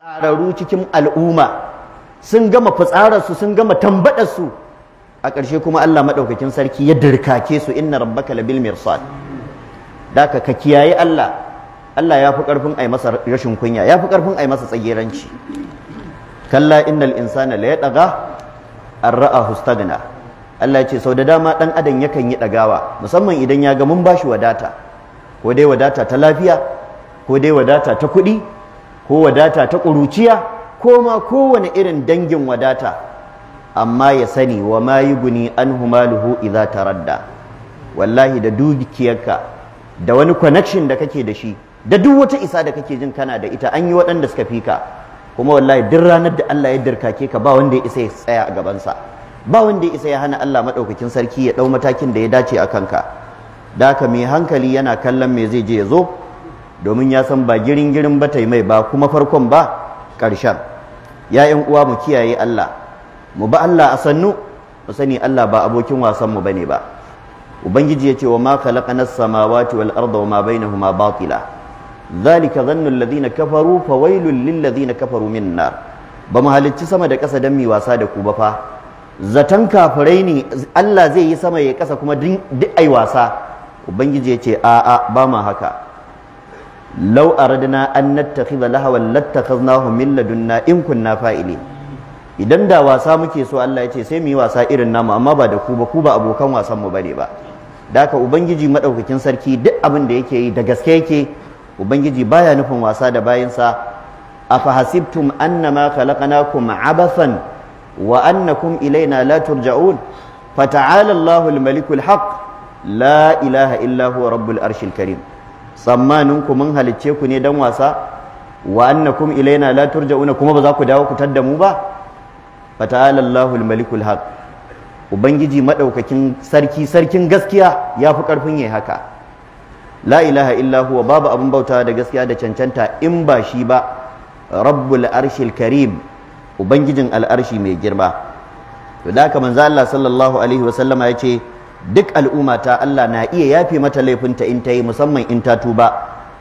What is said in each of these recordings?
tsararru cikin al'umma sun gama fitsararsu sun gama tambaɗarsu. a ƙarshe kuma Allah maɗaukakin sarki ya dirkake su inna rabbaka labil mirsad daka ka kiyaye Allah Allah ya fi ƙarfin ai masa rashin kunya ya fi ƙarfin ai masa tsageranci kalla innal insana la yadaga an ra'ahu Allah ya ce sau da dama ɗan adam yakan yi ɗagawa musamman idan ya ga mun bashi wadata ko dai wadata ta lafiya ko dai wadata ta kuɗi ko wadata ta ƙuruciya ko ma kowane irin dangin wadata amma ya sani wa ma guni an humaluhu idza taradda wallahi da dukiyarka da wani connection da kake da shi da duk wata isa da kake jin kana da ita an yi waɗanda suka fi ka kuma wallahi duk ranar da Allah ya dirkake ka ba wanda ya isa ya tsaya a gabansa ba wanda ya isa ya hana Allah maɗaukakin sarki ya ɗau matakin da ya dace a kanka da haka mai hankali yana kallon me zai je ya zo domin ya san ba girin girin ba ta mai ba kuma farkon ba ƙarshen Ya'yan uwa mu kiyaye Allah mu ba Allah a sannu mu sani Allah ba abokin wasan mu bane ba ubangiji ya ce wa ma khalaqana as-samawati wal arda wa ma bainahuma batila zalika dhannu alladhina kafaru fa fawailul lil ladhina kafaru min nar ba mu halicci sama da ƙasa don mi wasa da ku ba fa zaton kafirai ne Allah zai yi sama ya ƙasa kuma duk ai wasa ubangiji ya ce a'a ba ma haka Lau aradna an nattakhidha lahawan lattakhadnahu min ladunna in kunna fa'ili idan da wasa muke so Allah ya ce sai mu yi wasa irin namu amma ba da ku ba ku ba abokan wasan mu bane ba da ubangiji madaukakin sarki duk abin da yake yi da gaske yake ubangiji baya nufin wasa da bayansa afahasibtum annama khalaqnakum abathan wa annakum ilaina la turja'un fata'ala Allahul malikul haqq la ilaha illa huwa rabbul arshil karim tsammanin ku mun halicce ku ne dan wasa wa annakum ilaina la turja'una kuma ba za ku dawo ku tadda mu ba fata'ala Allahul malikul haq ubangiji madaukakin sarki sarkin gaskiya yafi karfin yayi haka la ilaha illa huwa babu abun bauta da gaskiya da cancanta in ba shi ba rabbul arshil karim ubangijin al'arshi mai girma to da haka manzo Allah sallallahu alaihi wasallama yace duk al'umma ta Allah na iya yafe mata laifinta in ta yi musamman in ta tuba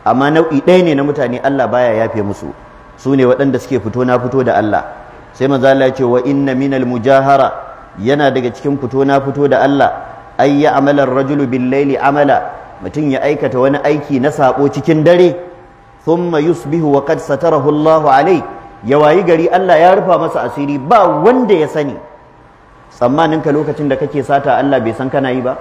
amma nau'i ɗaya ne na mutane Allah baya yafe musu su ne waɗanda suke fito na fito da Allah sai maza Allah ya ce wa inna minal mujahara yana daga cikin fito na fito da Allah ay ya rajulu bil laili amala mutum ya aikata wani aiki na sabo cikin dare thumma yusbihu wa qad satarahu Allah alai ya wayi gari Allah ya rufa masa asiri ba wanda ya sani tsammanin ka lokacin da kake sata Allah bai san kana yi ba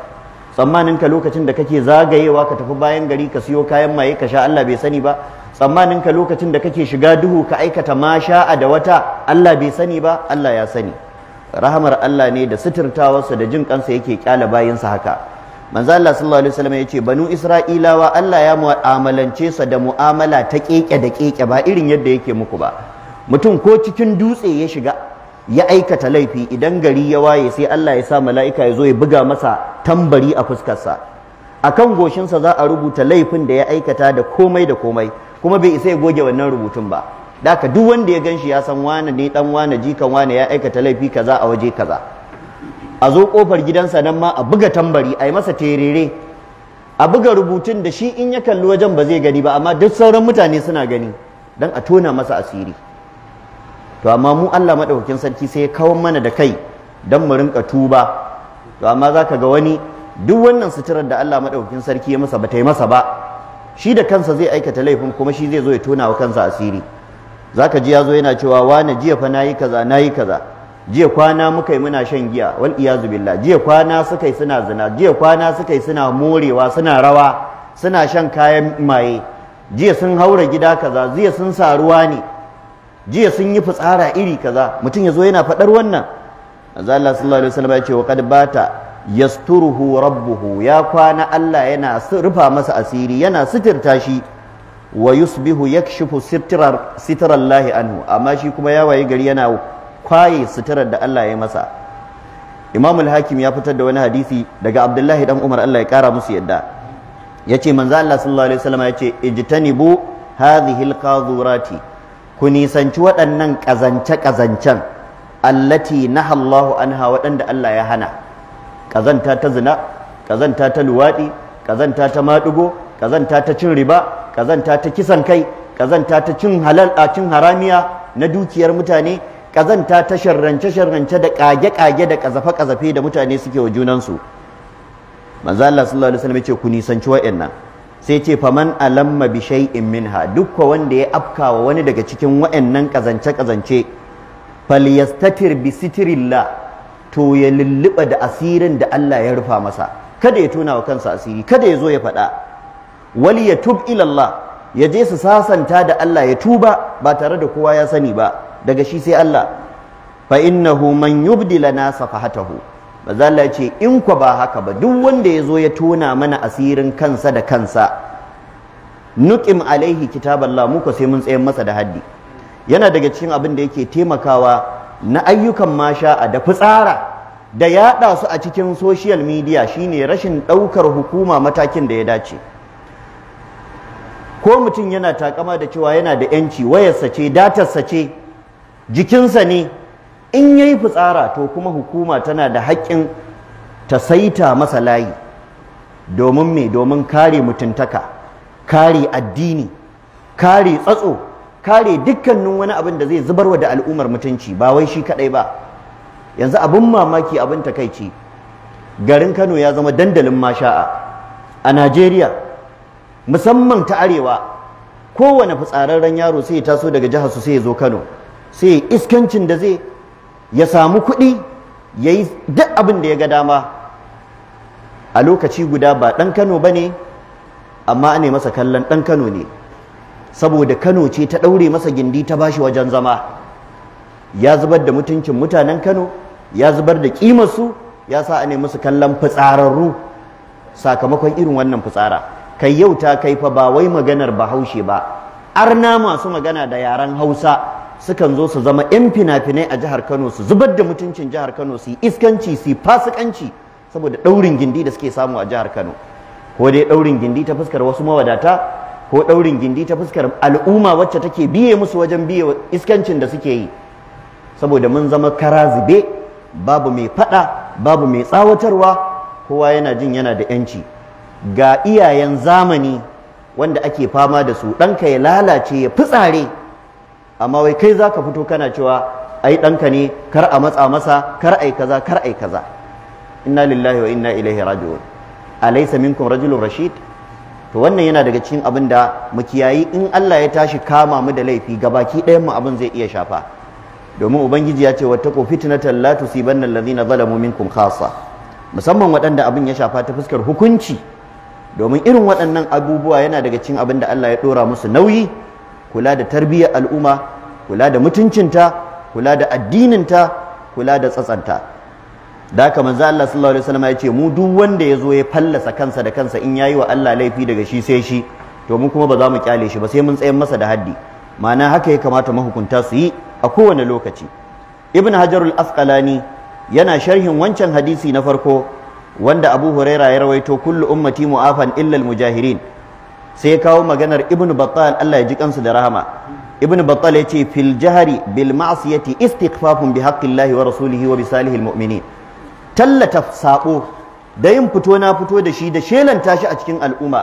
tsammanin ka lokacin da kake zagayewa ka tafi bayan gari ka siyo kayan maye ka sha Allah bai sani ba tsammanin ka lokacin da kake shiga duhu ka aikata masha a da wata Allah bai sani ba Allah ya sani rahamar Allah ne da suturtawarsa da jin kansa yake kyala bayinsa haka manzo Allah sallallahu alaihi wasallam yace banu isra'ilawa Allah ya mu'amalance sa da mu'amala ta keke da keke ba irin yadda yake muku ba mutum ko cikin dutse ya shiga ya aikata laifi idan gari ya waye sai Allah ya sa mala'ika ya zo ya buga masa tambari a fuskarsa akan goshinsa za a rubuta laifin da ya aikata da komai da komai kuma bai isa ya goge wannan rubutun ba Da daka duk wanda ya ganshi ya san wane ne dan wane jikan wane ya aikata laifi kaza a waje kaza a zo kofar gidansa nan ma a buga tambari a yi masa terere a buga rubutun da shi in ya kalli wajen ba zai gani ba amma duk sauran mutane suna gani dan a tona masa asiri to amma mu Allah madaukakin sarki sai ya kawo mana da kai dan mu rinka tuba to amma zaka ga wani duk wannan suturar da Allah madaukakin sarki ya masa ba ta yi masa ba shi da kansa zai aikata laifin kuma shi zai zo ya tona wa kansa asiri zaka ji yazo yana cewa wani jiya fa nayi kaza nayi kaza jiya kwana muka yi muna shan giya wal iyazu billah jiya kwana suka yi suna zina jiya kwana suka yi suna morewa suna rawa suna shan kayan maye jiya sun haura gida kaza jiya sun sa ruwa ne jiya sun yi fitsara iri kaza mutum ya zo yana faɗar wannan manzo Allah sallallahu alaihi wasallam ya ce wa qad bata yasturuhu rabbuhu ya kwana Allah yana rufa masa asiri yana sitirta shi wa yusbihu yakshifu sitrar sitrallahi anhu amma shi kuma ya waye gari yana kwaye sitirar da Allah ya masa Imam al-Hakim ya fitar da wani hadisi daga Abdullahi dan Umar Allah ya kara musu yadda yace manzo Allah sallallahu alaihi wasallam yace ijtanibu hadhihi al-qadhurati ku nisanci waɗannan ƙazance-ƙazancen allati naha Allahu anha waɗanda Allah ya hana ƙazanta ta zina ƙazanta ta luwaɗi ƙazanta ta maɗugo ƙazanta ta cin riba ƙazanta ta kisan kai ƙazanta ta cin halal a cin haramiya na dukiyar mutane ƙazanta ta sharrance-sharrance da ƙage-ƙage da ƙazafe-ƙazafe da mutane suke wa junansu manzo Allah sallallahu alaihi wasallam yace ku nisanci waɗannan sai ce faman alamma bi shay'in minha dukka wanda ya afkawa wani daga cikin wayannan kazance kazance falyastatir bi sitrillah to ya lulluba da asirin da Allah ya rufa masa kada ya tuna wa kansa asiri kada ya zo ya faɗa wali ya tub ila Allah ya je su sasanta da Allah ya tuba ba tare da kowa ya sani ba daga shi sai Allah fa innahu man yubdila nasa safahatahu manzo ce in kwa ba haka ba duk wanda ya zo ya tona mana asirin kansa da kansa nuqim alaihi kitaballah muka sai mun tsayan masa da haddi yana daga cikin abin da yake taimakawa na ayyukan a da fitsara da yaɗa su a cikin social media shine rashin ɗaukar hukuma matakin da ya dace ko mutum yana takama da cewa yana da yanci wayarsa ce datarsa ce jikinsa ne in yayi fitsara to kuma hukuma tana da haƙƙin ta saita masa layi domin me domin kare mutuntaka kare addini kare tsatso kare dukkanin wani abin da zai zubarwa da al'ummar mutunci ba wai shi kadai ba yanzu abin mamaki abin takaici garin Kano ya zama dandalin masha'a a Najeriya musamman ta arewa kowane fitsararren yaro sai ya taso daga jihar su sai ya zo Kano sai iskancin da zai ya samu kuɗi ya yi duk abin da ya ga dama a lokaci guda ba ɗan kano ba ne amma ne masa kallon ɗan kano ne saboda kano ce ta ɗaure masa gindi ta bashi wajen zama ya zubar da mutuncin mutanen kano ya zubar da ƙimarsu ya sa ne musu kallon fitsararru sakamakon irin wannan fitsara kai yau ta kai fa ba wai maganar bahaushe ba arna masu magana da yaren hausa sukan zo su zama 'yan fina-finai a jihar Kano su zubar da mutuncin jihar Kano su yi iskanci su yi fasikanci saboda ɗaurin gindi da suke samu a jihar Kano ko dai ɗaurin gindi ta fuskar wasu mawadata ko ɗaurin gindi ta fuskar al'umma wacce take biye musu wajen biye iskancin da suke yi saboda mun zama kara zube babu mai faɗa babu mai tsawatarwa kowa yana jin yana da 'yanci ga iyayen zamani wanda ake fama da su ɗanka ya lalace ya fitsare amma wai kai zaka fito kana cewa ai ɗanka ne kar a matsa masa kar ai kaza kar ai kaza inna lillahi wa inna ilaihi raji'un alaysa minkum rajulun rashid to wannan yana daga cikin abin da mu kiyayi in Allah ya tashi kama mu da laifi gabaki ɗayan mu abin zai iya shafa domin ubangiji ya ce wattaqu fitnatan la tusibanna alladhina zalamu minkum khassa musamman waɗanda abin ya shafa ta fuskar hukunci domin irin waɗannan abubuwa yana daga cikin abin da Allah ya ɗora musu nauyi kula da tarbiyyar al'umma kula da mutuncinta kula da addininta kula da tsatsanta da haka manzo Allah sallallahu alaihi wasallam ya ce mu duk wanda ya zo ya fallasa kansa da kansa in ya yi wa Allah laifi daga shi sai shi to mu kuma ba za mu kyale shi ba sai mun tsayar masa da haddi ma'ana haka ya kamata mahukunta su yi a kowane lokaci ibn Hajarul al-asqalani yana sharhin wancan hadisi na farko wanda abu huraira ya rawaito kullu ummati mu'afan illa al-mujahirin sai ya kawo maganar ibnu battal Allah ya ji kansu da rahama ibnu battal ya ce fil jahari bil ma'siyati istighfafun bi haqqillahi wa rasulihi wa bi salihil mu'minin tallata sabo da yin fito na fito da shi da shelan tashi a cikin al'umma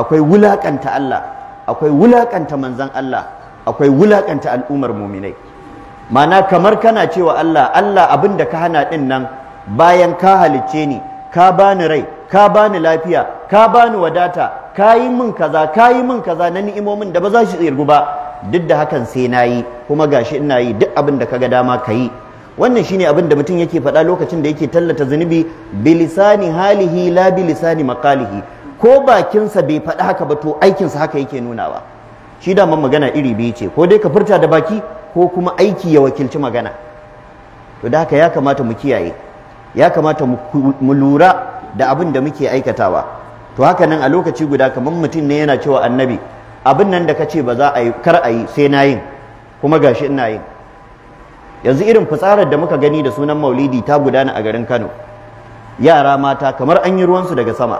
akwai wulaƙanta Allah akwai wulaƙanta manzon Allah akwai wulaƙanta al'ummar mu'minai ma'ana kamar kana cewa Allah Allah abin da ka hana ɗin nan bayan ka halicce ni ka bani rai ka bani lafiya ka bani wadata kayi min kaza kayi min kaza na ni'imomin da ba za shi tsirgu ba duk da hakan sai nayi kuma gashi ina yi duk abin da kaga dama kayi wannan shine abin da mutum yake faɗa lokacin da yake tallata zunubi bilisani halihi la bilisani makalihi ko bakinsa bai faɗa haka ba to aikinsa haka yake nunawa shi da magana iri biyu ce ko dai ka furta da baki ko kuma aiki ya wakilci magana to da haka ya kamata mu kiyaye ya kamata mu lura da abin da muke aikatawa to haka nan a lokaci guda kamar mutum ne yana cewa annabi abin nan da ka ce ba za a yi kar a yi sai na yin kuma gashi ina yin yanzu irin fitsarar da muka gani da sunan maulidi ta gudana a garin kano yara mata kamar an yi ruwansu daga sama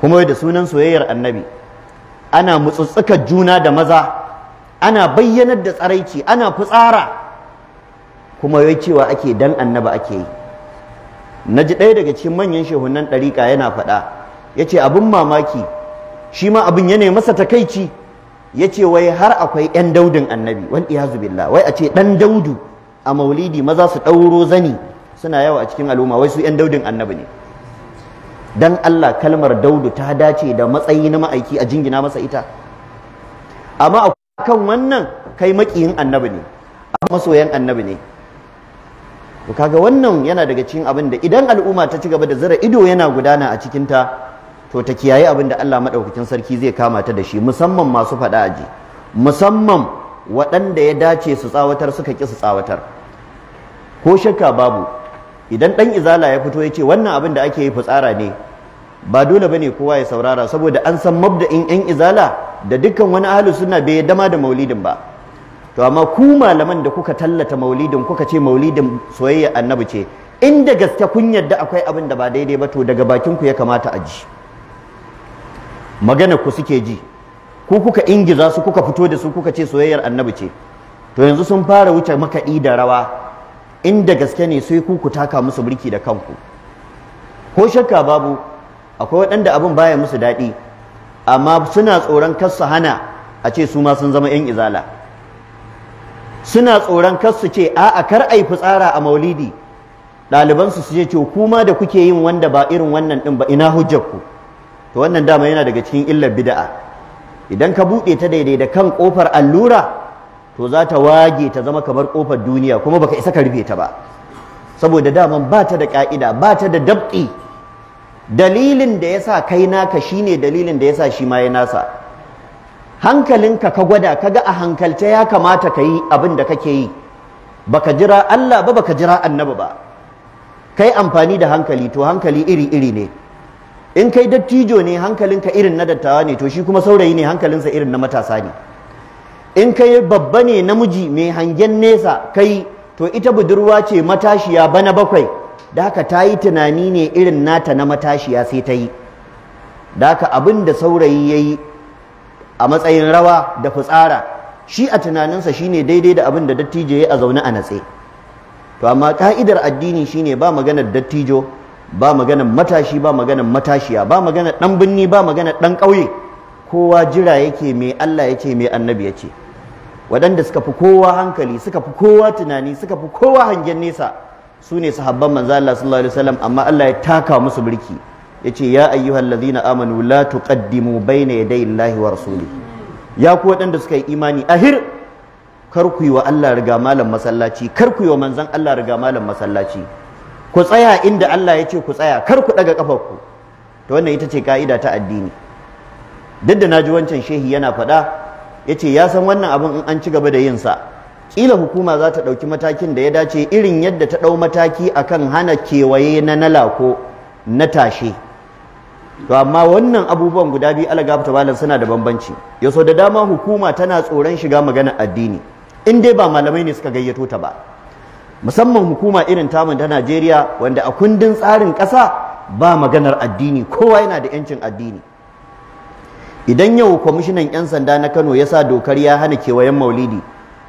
kuma da sunan soyayyar annabi ana mutsutsukar juna da maza ana bayyanar da tsaraici ana fitsara kuma yai cewa ake dan annaba ake yi na ji ɗaya daga cikin manyan shehunan ɗariƙa yana faɗa ya ce abin mamaki shi ma abin yana masa takaici ya ce wai har akwai 'yan daudin annabi wal iyazu billah wai a ce ɗan daudu a maulidi maza su ɗauro zani suna yawa a cikin al'umma wai su 'yan daudin annabi ne dan Allah kalmar daudu ta dace da matsayi na ma'aiki a jingina masa ita amma a kan wannan kai makiyin annabi ne a masoyan annabi ne kaga wannan yana daga cikin abin da idan al'umma ta ci gaba da zira ido yana gudana a cikinta. ta to ta kiyaye abin da Allah madaukakin sarki zai kama ta da shi musamman masu faɗa aji musamman waɗanda ya dace su tsawatar suka ki su tsawatar ko shakka babu idan ɗan izala ya fito ya ce wannan abin da ake yi fitsara ne ba dole bane kowa ya saurara saboda an san mabda'in yan izala da dukkan wani ahlus sunna bai dama da maulidin ba to amma ku malaman da kuka tallata maulidin kuka ce maulidin soyayya annabi ce inda gaske kun yarda akwai abin da ba daidai ba to daga bakin ku ya kamata a ji magana ku suke ji ku kuka ingiza su kuka fito da su kuka ce soyayyar annabi ce to yanzu sun fara wuce makaɗi da rawa inda gaske ne sai ku ku taka musu birki da kanku ko shakka babu akwai waɗanda abin baya musu daɗi amma suna tsoron kar hana a ce su ma sun zama 'yan izala suna tsoron kar su ce a'a kar a yi fitsara a maulidi ɗalibansu su ce ce kuma da kuke yin wanda ba irin wannan ɗin ba ina hujjar ku to wannan dama yana daga cikin illar bida'a. idan ka buɗe ta daidai da kan ƙofar allura to za ta wage ta zama kamar ƙofar duniya kuma baka isa ka rufe ta ba saboda daman ba ta da ƙa'ida ba ta da dabti. dalilin da yasa kai naka shine dalilin da yasa shi ma ya nasa hankalinka ka gwada ka ga a hankalce ya kamata ka yi abin da kake yi baka jira Allah ba baka jira annabi ba kai amfani da hankali to hankali iri iri ne in kai dattijo ne hankalinka irin na dattawa ne to shi kuma saurayi ne hankalinsa irin na matasa ne in kai babba ne namiji mai hangen nesa kai to ita budurwa ce matashiya bana bakwai da haka ta yi tunani ne irin nata na matashiya sai ta yi da haka abin da saurayi ya yi a matsayin rawa da fitsara shi a tunaninsa shi ne daidai da abin da dattijo ya yi a zaune a natse to amma ka'idar addini shine ba maganar dattijo ba maganar matashi ba maganar matashiya ba maganar dan binni ba maganar dan ƙauye kowa jira yake mai Allah yake mai annabi yake waɗanda suka fi kowa hankali suka fi kowa tunani suka fi kowa hangen nesa su ne sahabban manzo Allah sallallahu alaihi wasallam amma Allah ya taka musu birki yace ya na amanu la tuqaddimu baina yaday Allahi wa rasulihi ya ku waɗanda suka yi imani ahir kar ku yi wa Allah riga malam masallaci kar ku yi wa manzan Allah riga malam masallaci ku tsaya inda Allah ya ce ku tsaya kar ku daga ƙafarku, to wannan ita ce ka'ida ta addini duk da ji wancan shehi yana faɗa yace ya san wannan abin in an ci gaba da yin sa kila hukuma za ta ɗauki matakin da ya dace irin yadda ta ɗau mataki akan hana kewaye na nalako na tashe to amma wannan abubuwan guda biyu alaga ta malam suna da bambanci yaso da dama hukuma tana tsoron shiga maganar addini in dai ba malamai ne suka gayyato ta ba musamman hukuma irin tamu ta Najeriya wanda a kundin tsarin ƙasa ba maganar addini kowa yana da yancin addini idan yau kwamishinan 'yan sanda na Kano ya sa dokar ya hana kewayen maulidi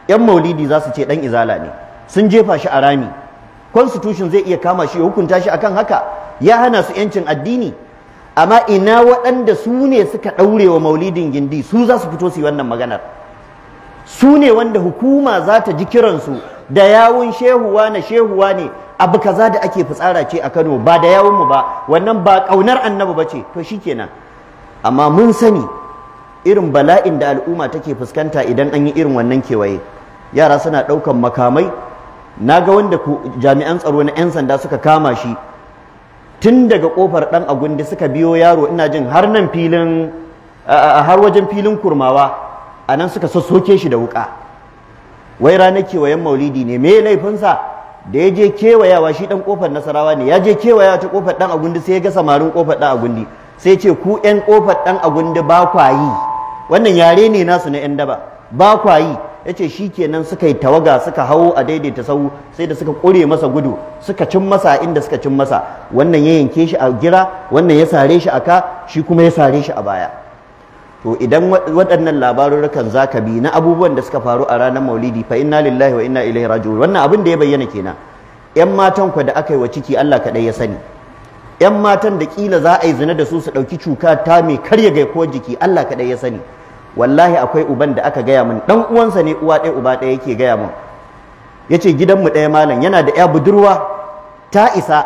'yan maulidi za su ce ɗan izala ne sun jefa shi a rami constitution zai iya kama shi ya hukunta shi akan haka ya hana su yancin addini amma ina waɗanda su ne suka ɗaure wa maulidin gindi su za su fito su yi wannan maganar su ne wanda hukuma za ta ji kiransu da yawun shehuwa na shehuwa ne abu kaza da ake fitsara ce a Kano ba da yawunmu ba wannan ba ƙaunar annabi ba ce to shikenan amma mun sani irin bala'in da al'umma take fuskanta idan an yi irin wannan kewaye yara suna ɗaukan makamai na ga wanda jami'an tsaro na 'yan sanda suka kama shi tun daga kofar ɗan agundi suka biyo yaro ina jin har wajen filin kurmawa a nan suka sassoke shi da wuka wai ranar kewayen maulidi ne me laifinsa da ya je kewayawa shi ɗan kofar nasarawa ne ya je kewayawa ta kofar ɗan agundi sai ya ga samarin kofar dan agundi sai ce ku yan kofar dan agundi ba kwayi wannan yare ne nasu na yan daba ba kwa shi yace shikenan suka yi tawaga suka hau a daidaita sau sai da suka kure masa gudu suka cin masa inda suka cin masa wannan ya yanke shi a gira wannan ya sare shi a ka shi kuma ya sare shi a baya to idan waɗannan labarurukan za ka bi na abubuwan da suka faru a ranar maulidi fa inna lillahi wa inna ilaihi raji'un wannan abin da ya bayyana kenan yan matan ku da aka yi wa ciki Allah kaɗai ya sani yan matan da kila za a yi zina da su su ɗauki cuka ta mai karya ga ko jiki Allah kaɗai ya sani wallahi akwai uban da aka gaya min dan uwansa ne uwa ɗaya uba ɗaya yake gaya min yace mu ɗaya malam yana da ya budurwa ta isa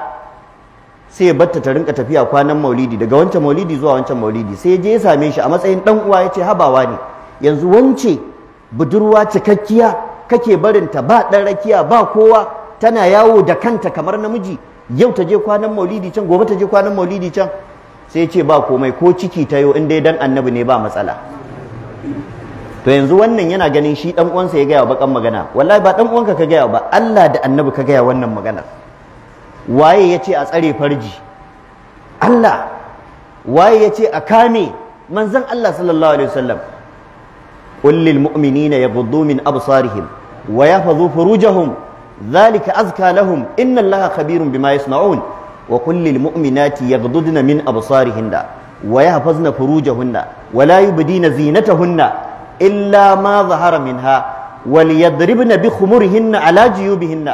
sai ya batta ta rinka tafiya kwanan maulidi daga wancan maulidi zuwa wancan maulidi sai je ya same shi a matsayin dan uwa ya ce habawa ne yanzu wance budurwa cikakkiya kake barin ta ba dan rakiya ba kowa tana yawo da kanta kamar namiji yau ta je kwanan maulidi can gobe ta je kwanan maulidi can sai ya ce ba komai ko ciki ta yau in dai dan annabi ne ba matsala to yanzu wannan yana ganin shi dan uwansa ya gaya bakan magana wallahi ba dan uwanka ka gaya ba Allah da annabi ka gaya wannan magana waye ya ce a tsare farji Allah waye ya ce a kame manzan Allah sallallahu alaihi wasallam Kullil mu'minina yaghuddu min absarihim wa yahfazu furujahum dhalika azka lahum inna Allaha khabirun bima yasna'un wa qul lil mu'minati yaghudduna min absarihinna wa yahfazna furujahunna wa la yubdina zinatahunna illa ma dhahara minha وليضربن بخمرهن على جيوبهن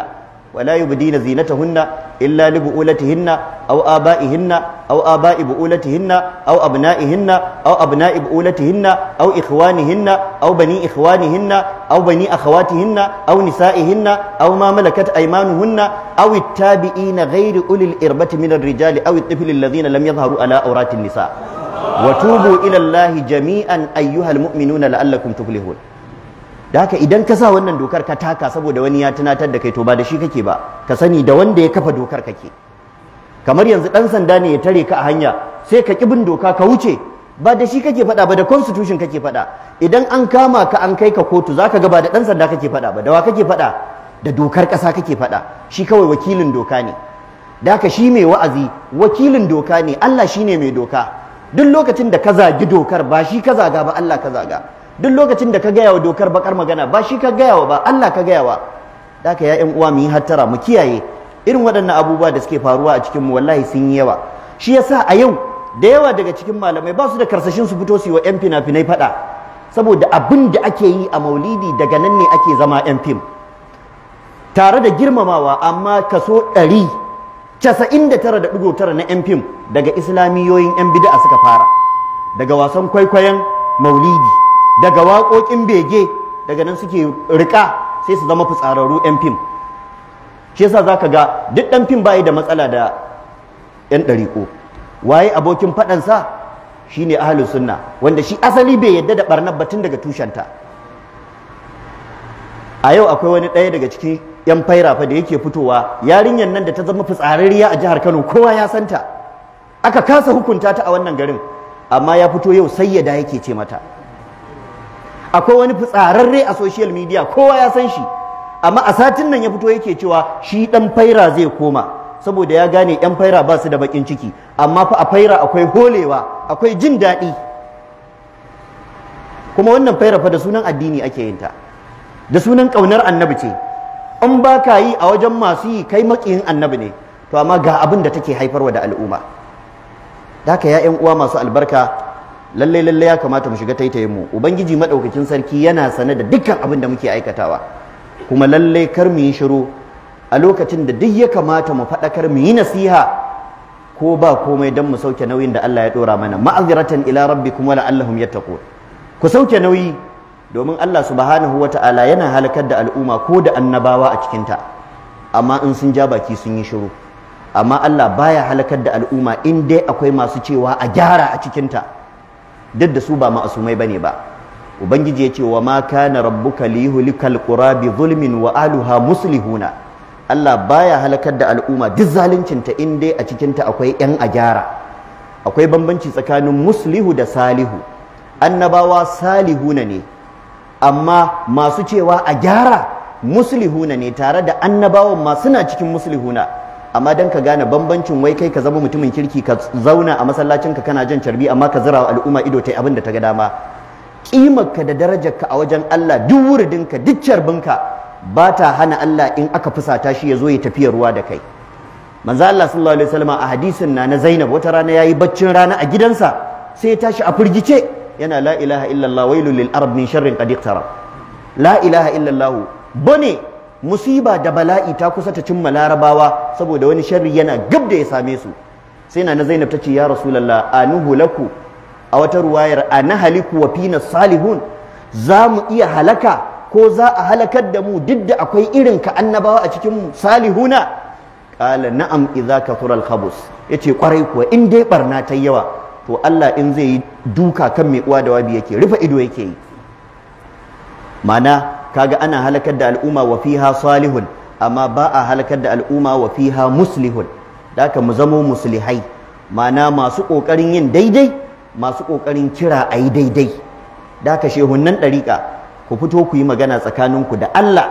ولا يبدين زينتهن إلا لبؤولتهن أو آبائهن أو آباء بؤولتهن أو أبنائهن أو أبناء بؤولتهن أو إخوانهن أو بني إخوانهن أو بني أخواتهن أو نسائهن أو ما ملكت أيمانهن أو التابعين غير أولي الإربة من الرجال أو الطفل الذين لم يظهروا على أورات النساء وتوبوا إلى الله جميعا أيها المؤمنون لعلكم تفلحون da haka idan ka sa wannan dokar ka taka saboda wani ya tunatar da kai to ba da shi kake ba ka sani da wanda ya kafa dokar kake kamar yanzu dan sanda ne ya tare ka a hanya sai ka kibin doka ka wuce ba da shi kake faɗa ba da constitution kake faɗa idan an kama ka an kai ka kotu zaka ga ba da dan sanda kake faɗa ba da wa kake faɗa da dokar ƙasa kake faɗa shi kawai wakilin doka ne da haka shi mai wa'azi wakilin doka ne Allah shine mai doka duk lokacin da ka zagi dokar ba shi ka zaga ba Allah ka zaga duk lokacin da ka gaya wa dokar bakar magana ba shi ka gaya wa ba Allah ka gaya wa da ka ya'yan uwa mu yi hattara mu kiyaye irin waɗannan abubuwa da suke faruwa a cikin mu wallahi sun yi yawa shi yasa a yau da yawa daga cikin malamai ba su da karsashin su fito su yi wa yan fina-finai faɗa saboda abin da ake yi a maulidi daga nan ne ake zama yan fim tare da girmamawa amma kaso ɗari casa'in da tara da ɗigo tara na yan fim daga islamiyoyin yan bida'a suka fara daga wasan kwaikwayon maulidi daga waƙoƙin bege daga nan suke rika sai su zama fitsararru 'yan fim shi yasa za ka ga duk ɗan fim bayi da matsala da 'yan ɗariko waye abokin faɗansa shi ne ahalus sunna wanda shi asali bai yadda da ɓarnar batun daga tushenta a yau akwai wani ɗaya daga cikin 'yan fairafa da yake fitowa yarinyar nan da ta zama fitsararriya a jihar kano kowa ya santa aka kasa hukunta ta a wannan garin amma ya fito yau sai ya yake ce mata akwai wani fitsararre a social media kowa ya san shi amma a satin nan ya fito yake cewa shi dan faira zai koma saboda ya gane yan faira ba su da bakin ciki amma fa a faira akwai holewa akwai jin daɗi kuma wannan faira fa da sunan addini ake yin ta da sunan ƙaunar annabi ce in ba ka yi a wajen masu yi kai maƙiyin annabi ne to amma ga abin da take haifarwa da al'umma da haka ya 'yan uwa masu albarka lallai lallai ya kamata mu shiga taitayin mu ubangiji madaukakin sarki yana sane da dukkan abin da muke aikatawa kuma lallai kar mu yi shiru a lokacin da duk ya kamata mu faɗakar mu yi nasiha ko ba komai don mu sauke nauyin da Allah ya dora mana ma'aziratan ila rabbikum wa la'allahum yattaqun ku sauke nauyi domin Allah subhanahu wata'ala yana halakar da al'umma ko da annabawa a cikin ta amma in sun ja baki sun yi shiru amma Allah baya halakar da al'umma in dai akwai masu cewa a gyara a cikinta duk da su ba ma'asumai bane ba ubangiji ya ce wa ma kana rabbuka liyuhlikal qura bi zulmin wa ahliha muslihuna Allah baya halakar da al'umma duk zaluncin ta in dai a cikinta akwai yan ajara akwai bambanci tsakanin muslihu da salihu annabawa salihuna ne amma masu cewa a gyara muslihuna ne tare da annabawan ma suna cikin muslihuna amma dan ka gane bambancin wai kai ka zama mutumin kirki ka zauna a masallacin ka kana jan carbi amma ka zira al'umma ido ta abin da ta ga dama Ƙimarka da darajarka a wajen Allah duk wuridinka duk carbinka ba ta hana Allah in aka fusata shi ya zo ya tafiya ruwa da kai manzo Allah sallallahu alaihi wasallam a hadisin na na Zainab wata rana yayi baccin rana a gidansa sai tashi a firgice yana la illallah wailul lil min sharrin qad iqtarab la ilaha illallah musiba da bala'i ta kusa ta cimma larabawa saboda wani sharri yana gab da ya same su sai na zainab ta ce ya rasulallah anuhu laku a wata ruwayar anahaliku wa fina salihun za mu iya halaka ko za a halakar da mu duk da akwai irin ka annabawa a cikin salihuna qala na'am idza kathura al-khabus yace kwarai kuwa in dai barna ta yawa to Allah in zai yi duka kan mai uwa da wabi yake rufe ido yake yi mana kaga ana halakar da al'umma wa fiha salihun amma ba a halakar da al'umma wa fiha muslihun da mu zamo muslihai ma'ana masu kokarin yin daidai masu kokarin kira ayi daidai da shehu nan ɗariƙa ku fito ku yi magana tsakaninku da Allah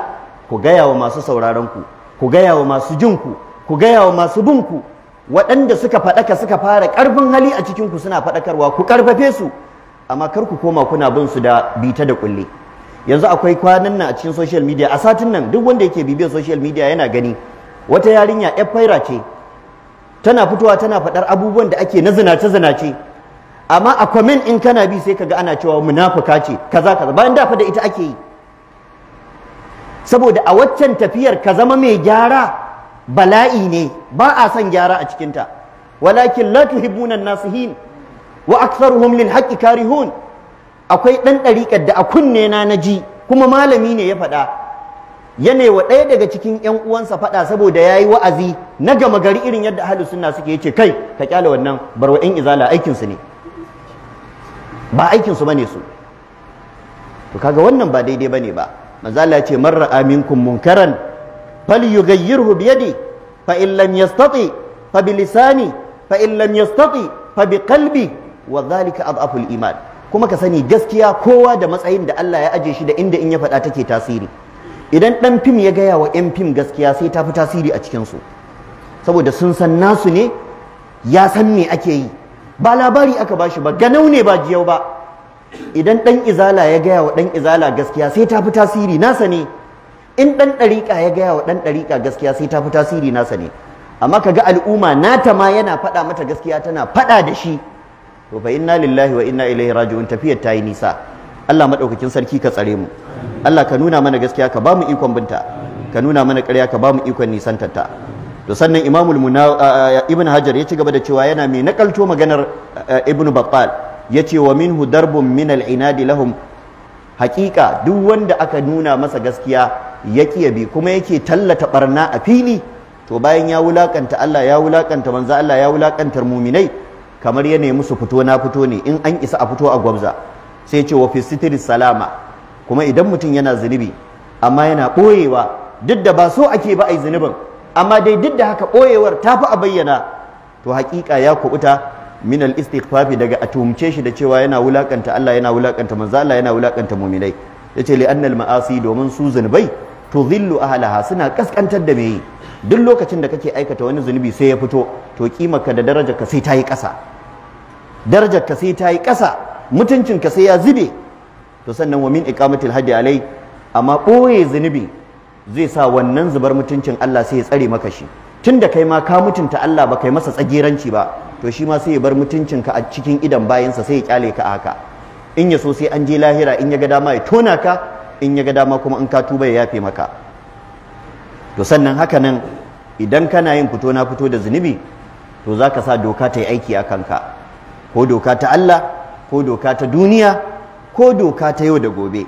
ku gaya wa masu sauraronku ku gaya wa masu jinku ku gaya wa masu binku waɗanda suka faɗaka suka fara ƙarfin hali a cikinku suna faɗakarwa ku ƙarfafe su amma kar ku koma kuna bin su da bita da ƙulle. yanzu akwai kwanan nan a cikin social media a satin nan duk wanda yake bibiyar social media yana gani wata yarinya yar faira ce tana fitowa tana faɗar abubuwan da ake na zinace zinace amma a kwamin in kana bi sai kaga ana cewa munafuka ce kaza kaza bayan da fa da ita ake yi saboda a waccan tafiyar ka zama mai gyara bala'i ne ba a son gyara a cikinta walakin la tuhibbuna nasihin wa aktharuhum lil haqqi karihun akwai ɗan ɗariƙar da a kunne na na ji kuma malami ne ya faɗa ya wa ɗaya daga cikin ƴan uwansa faɗa saboda ya yi wa'azi na gama gari irin yadda ahlus sunna suke yace kai ka kyale wannan bar ƴan izala aikin su ne ba aikin su bane su to kaga wannan ba daidai bane ba manzo Allah ya ce man munkaran falyughayyirhu bi yadi fa in lam yastati fa bilisani, lisani fa in lam yastati fa bi qalbi wa dhalika adhafu iman kuma ka sani gaskiya kowa da matsayin da Allah ya aje shi da inda in ya faɗa take tasiri idan ɗan fim ya gaya wa ɗan fim gaskiya sai ta fi tasiri a cikinsu saboda sun san nasu ne ya san me ake yi ba labari aka ba shi ba ganau ne ba jiyau ba idan ɗan izala ya gaya wa ɗan izala gaskiya sai ta fi tasiri nasa ne in ɗan ɗariƙa ya gaya wa ɗan ɗariƙa gaskiya sai ta fi tasiri nasa ne amma ka ga al'umma nata ma yana faɗa mata gaskiya tana faɗa da shi to fa inna lillahi wa inna ilaihi raji'un tafiyar ta yi nisa Allah madaukakin sarki ka tsare mu Allah ka nuna mana gaskiya ka ba mu ikon binta ka nuna mana ƙarya ka ba mu ikon nisantarta to sannan imamul muna ibn hajar ya ci gaba da cewa yana mai nakalto maganar ibn battal ya ce wa minhu darbun min al-inadi lahum haqiqa duk wanda aka nuna masa gaskiya ya bi kuma yake tallata barna a fili to bayan ya wulakanta Allah ya wulakanta manzo Allah ya wulakantar muminai kamar ya nemi su fito na fito ne in an isa a fito a gwabza sai ce wa fi salama kuma idan mutum yana zunubi amma yana ɓoyewa duk da ba so ake ba a yi zunubin amma dai duk da haka ɓoyewar ta fi a bayyana to haƙiƙa ya kubuta minal al istighfafi daga a tuhumce shi da cewa yana wulakanta Allah yana wulakanta manzo Allah yana wulakanta mu'minai yace li annal ma'asi domin su zunubai tudhillu ahlaha suna kaskantar da me duk lokacin da kake aikata wani zunubi sai ya fito to kimarka da darajarka sai ta yi ƙasa ka sai ta yi ƙasa ka sai ya zube to sannan wa min iqamatil hajji alai amma boye zunubi zai sa wannan zubar mutuncin Allah sai ya tsare maka shi tunda kai ma ka mutunta Allah ba kai masa tsagiranci ba to shi ma sai ya bar mutuncinka a cikin idan bayansa sai ya kyale ka haka in ya so sai an je lahira in ya ga dama ya tona ka in ya ga dama kuma in ka tuba ya yafe maka to sannan haka nan idan kana yin fito na fito da zunubi to za ka sa doka ta yi aiki a kanka ko doka ta Allah ko doka ta duniya ko doka ta yau da gobe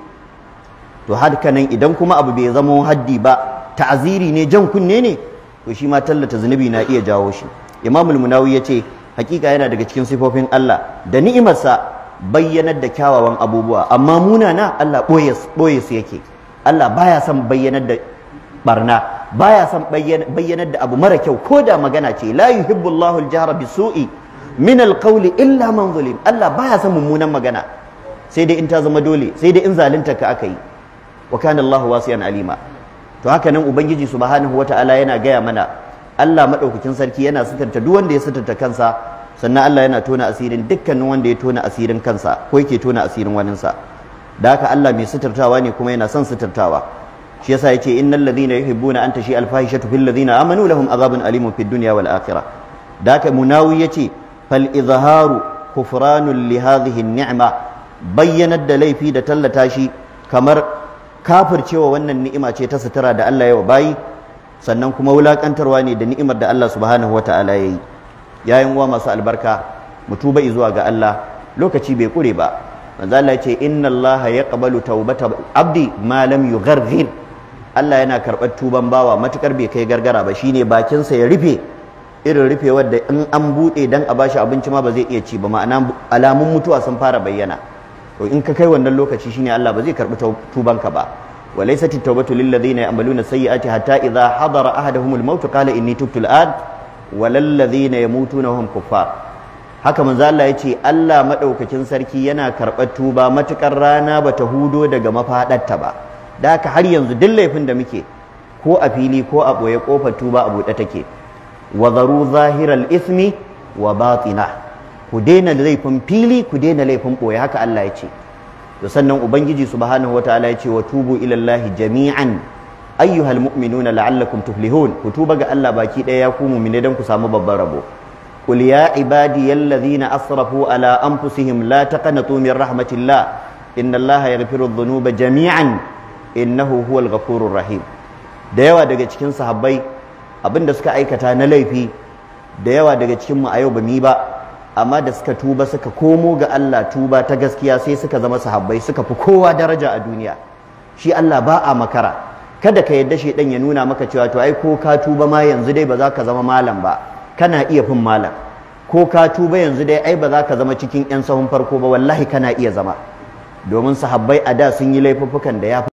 to haka nan idan kuma abu bai zama haddi ba ta'aziri ne jan kunne ne to shi ma tallata zunubi na iya jawo shi imamul munawi ya ce hakika yana daga cikin sifofin Allah da ni'imarsa bayyanar da kyawawan abubuwa amma muna na Allah ɓoye su yake Allah baya son bayyanar da barna baya son bayyanar da abu mara kyau ko da magana ce la yuhibbullahu al-jahra bisu'i min alqawli illa man zulim Allah baya son mummunan magana sai dai in ta zama dole sai dai in zalunta ka aka yi wa kana Allahu wasiyan alima to haka nan ubangiji subhanahu wata'ala yana gaya mana Allah madaukakin sarki yana sutarta duk wanda ya sutarta kansa sannan Allah yana tona asirin dukkanin wanda ya tona asirin kansa ko yake tona asirin waninsa da haka Allah mai sutartawa ne kuma yana son sutartawa shi yasa yace innal ladhina yuhibbuna an tashi al fahishatu fil ladhina amanu lahum azabun alimun fid dunya wal akhirah da ka munawi yace fal izharu kufranun li hadhihi ni'ma bayyanar da laifi da tallata shi kamar kafircewa wannan ni'ima ce ta sutura da Allah ya wa bayi sannan kuma wulakantarwa ne da ni'imar da Allah subhanahu wata'ala yayi yayin uwa masu albarka mutuba zuwa ga Allah lokaci bai kure ba manzo Allah ya ce inna Allah yaqbalu tawbata abdi ma lam Allah yana karɓar tuban bawa matuƙar bai kai gargara ba shine bakinsa ya rufe irin rufewar da in an buɗe dan a bashi abinci ma ba zai iya ci ba ma'ana alamun mutuwa sun fara bayyana to in ka kai wannan lokaci shine Allah ba zai karɓi tubanka ba walaysat at-tawbatu lil ladina ya'maluna sayyi'ati hatta idha hadara ahaduhumul maut qala inni tubtu al na walal ladina yamutuna hum kuffar haka manzo ya ce Allah maɗaukacin sarki yana karɓar tuba matuƙar rana bata hudo daga mafadarta ba da haka har yanzu duk laifin da muke ko a fili ko a ɓoye ƙofar tuba a buɗe take wa zaru zahiral ismi wa batina ku daina laifin fili ku daina laifin ɓoye haka Allah ya ce to sannan ubangiji subhanahu wataala ya ce wa tubu ila Allah jami'an ayyuhal mu'minuna la'allakum tuflihun ku tuba ga Allah baki ɗaya ya ku mu'mine dan ku samu babban rabo qul ya ibadiyallazina asrafu ala anfusihim la taqnatu min rahmatillah inna Allah yaghfiru dhunuba jami'an innahu huwal ghafurur rahim da yawa daga cikin sahabbai abinda suka aikata na laifi da yawa daga cikin mu a yau ba mi ba amma da suka tuba suka komo ga Allah tuba ta gaskiya sai suka zama sahabbai suka fi kowa daraja a duniya shi Allah ba a makara kada ka yadda shi ya nuna maka cewa to ai ko ka tuba ma yanzu dai ba za ka zama malam ba kana iya fin malam ko ka tuba yanzu dai ai ba za ka zama cikin 'yan sahun farko ba wallahi kana iya zama domin sahabbai a da sun yi laifuffukan da ya